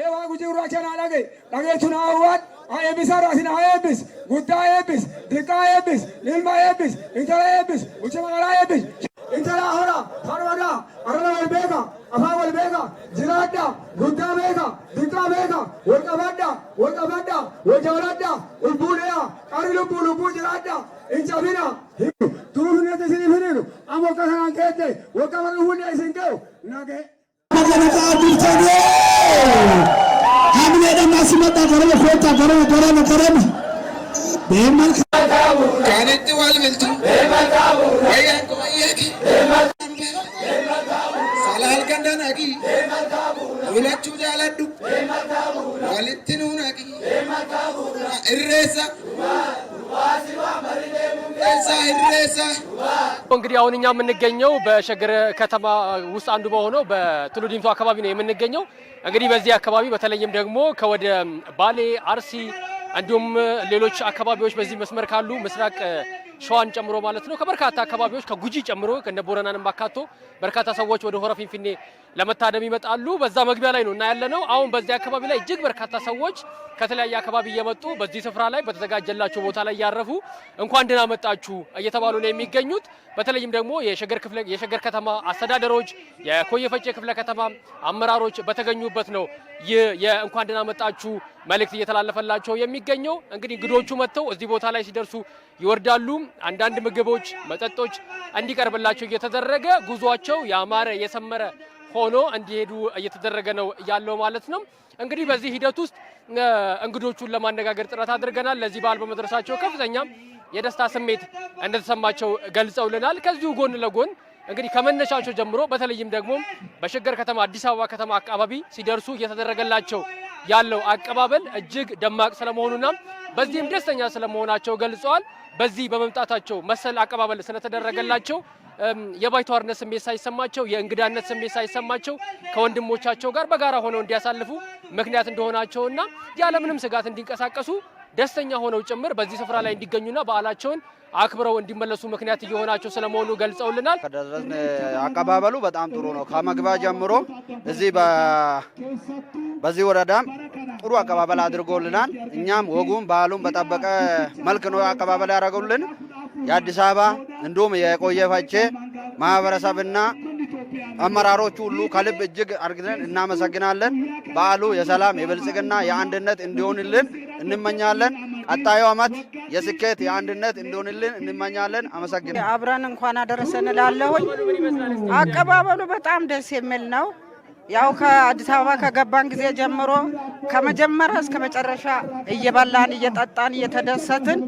ኤዋ ጉጂ ሩአቸን አላገ ዳገቹን አዋድ አየብስ አራሲን አየብስ ጉዳ አየብስ ድቃ አየብስ ልልማ አየብስ እንተራ አየብስ ውጭ መቀላ አየብስ እንተራ ሆራ ታርባዳ አረራል አፋወል ቤካ ጅራዳ ጉዳ ቤካ ድቃ ቤካ ወልቀባዳ ወልቀባዳ ወጃራዳ ኡልቡለያ ቀሪ ልቡ ልቡ ጅራዳ እንጨቢና ቱሩህነት ስኒፍንን አሞቀሰናንከየተ ወቀበርሁን ስንቀው ናገ መቀመጫ ድርተኔ ఆమెదేదన్నా సిమత గొడవ పోతా గొడవ గొడవ గొడవ కారెత్తి వాళ్ళు వెళ్తాం సలహాల కన్నా నాకు అవిలచ్చు చాలడ్డు వాళ్ళెత్తి నువ్వు నాకు ఎర్రేసా እንግዲህ አሁን እኛ የምንገኘው በሸገር ከተማ ውስጥ አንዱ በሆነው በቱሉ ዲምቱ አካባቢ ነው የምንገኘው። እንግዲህ በዚህ አካባቢ በተለይም ደግሞ ከወደ ባሌ፣ አርሲ እንዲሁም ሌሎች አካባቢዎች በዚህ መስመር ካሉ ምስራቅ ሸዋን ጨምሮ ማለት ነው ከበርካታ አካባቢዎች ከጉጂ ጨምሮ ከነ ቦረናንም አካቶ በርካታ ሰዎች ወደ ሆረ ፊንፊኔ ለመታደም ይመጣሉ። በዛ መግቢያ ላይ ነው እና ያለ ነው። አሁን በዚህ አካባቢ ላይ እጅግ በርካታ ሰዎች ከተለያየ አካባቢ እየመጡ በዚህ ስፍራ ላይ በተዘጋጀላቸው ቦታ ላይ ያረፉ እንኳን ደህና መጣችሁ እየተባሉ ነው የሚገኙት። በተለይም ደግሞ የሸገር ከተማ አስተዳደሮች የኮየፈጬ ክፍለ ከተማ አመራሮች በተገኙበት ነው ይህ የእንኳን ደህና መጣችሁ መልእክት እየተላለፈላቸው የሚገኘው እንግዲህ እንግዶቹ መጥተው እዚህ ቦታ ላይ ሲደርሱ ይወርዳሉ። አንዳንድ ምግቦች፣ መጠጦች እንዲቀርብላቸው እየተደረገ ጉዟቸው ያማረ የሰመረ ሆኖ እንዲሄዱ እየተደረገ ነው ያለው ማለት ነው። እንግዲህ በዚህ ሂደት ውስጥ እንግዶቹን ለማነጋገር ጥረት አድርገናል። ለዚህ በዓል በመድረሳቸው ከፍተኛ የደስታ ስሜት እንደተሰማቸው ገልጸውልናል። ከዚሁ ጎን ለጎን እንግዲህ ከመነሻቸው ጀምሮ በተለይም ደግሞ በሸገር ከተማ አዲስ አበባ ከተማ አካባቢ ሲደርሱ እየተደረገላቸው ያለው አቀባበል እጅግ ደማቅ ስለመሆኑና በዚህም ደስተኛ ስለመሆናቸው ገልጸዋል። በዚህ በመምጣታቸው መሰል አቀባበል ስለተደረገላቸው የባይተዋርነት ስሜት ሳይሰማቸው የእንግዳነት ስሜት ሳይሰማቸው ከወንድሞቻቸው ጋር በጋራ ሆነው እንዲያሳልፉ ምክንያት እንደሆናቸውና ያለምንም ስጋት እንዲንቀሳቀሱ ደስተኛ ሆነው ጭምር በዚህ ስፍራ ላይ እንዲገኙና በዓላቸውን አክብረው እንዲመለሱ ምክንያት እየሆናቸው ስለመሆኑ ገልጸውልናል። ከደረስን አቀባበሉ በጣም ጥሩ ነው። ከመግቢያ ጀምሮ እዚህ በዚህ ወረዳም ጥሩ አቀባበል አድርጎልናል። እኛም ወጉም ባህሉም በጠበቀ መልክ ነው አቀባበል ያደረጉልን። የአዲስ አበባ እንዲሁም የቆየ ማህበረሰብና አመራሮቹ ሁሉ ከልብ እጅግ አርግተን እናመሰግናለን። በዓሉ የሰላም የብልጽግና፣ የአንድነት እንዲሆንልን እንመኛለን። ቀጣዩ ዓመት የስኬት የአንድነት እንዲሆንልን እንመኛለን። አመሰግናለን። አብረን እንኳን አደረሰን እላለሁኝ። አቀባበሉ በጣም ደስ የሚል ነው። ያው ከአዲስ አበባ ከገባን ጊዜ ጀምሮ ከመጀመሪያ እስከ መጨረሻ እየበላን እየጠጣን እየተደሰትን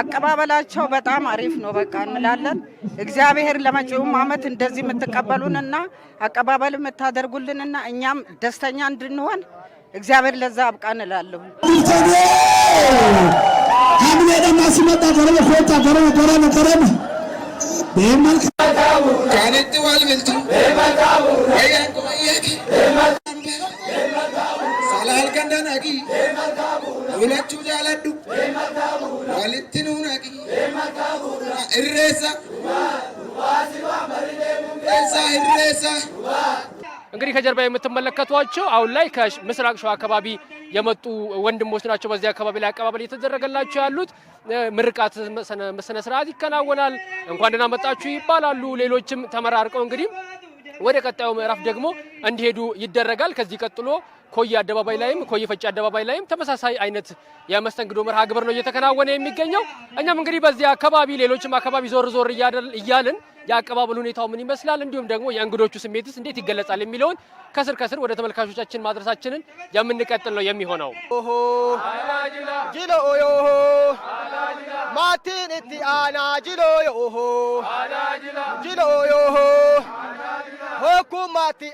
አቀባበላቸው በጣም አሪፍ ነው። በቃ እንላለን እግዚአብሔር ለመጪውም ዓመት እንደዚህ የምትቀበሉንና አቀባበል የምታደርጉልንና እኛም ደስተኛ እንድንሆን እግዚአብሔር ለዛ አብቃ እንላለሁ። ሲመጣ ገንደናቂ ሁለቹ ጃለዱ ዋልትኑናቂ እሬሳ እሬሳ እሬሳ እንግዲህ ከጀርባ የምትመለከቷቸው አሁን ላይ ከምስራቅ ሸዋ አካባቢ የመጡ ወንድሞች ናቸው። በዚህ አካባቢ ላይ አቀባበል እየተደረገላቸው ያሉት ምርቃት ስነ ስርዓት ይከናወናል። እንኳን ደህና መጣችሁ ይባላሉ። ሌሎችም ተመራርቀው እንግዲህ ወደ ቀጣዩ ምዕራፍ ደግሞ እንዲሄዱ ይደረጋል። ከዚህ ቀጥሎ ኮዬ አደባባይ ላይም ኮዬ ፈጬ አደባባይ ላይም ተመሳሳይ አይነት የመስተንግዶ መርሃ ግብር ነው እየተከናወነ የሚገኘው። እኛም እንግዲህ በዚህ አካባቢ ሌሎችም አካባቢ ዞር ዞር እያልን የአቀባበል ሁኔታው ምን ይመስላል፣ እንዲሁም ደግሞ የእንግዶቹ ስሜትስ እንዴት ይገለጻል የሚለውን ከስር ከስር ወደ ተመልካቾቻችን ማድረሳችንን የምንቀጥል ነው የሚሆነው። ማቲን እቲ አና ጅሎ ዮሆ ጅሎ ዮሆ ሆኩም ማቲ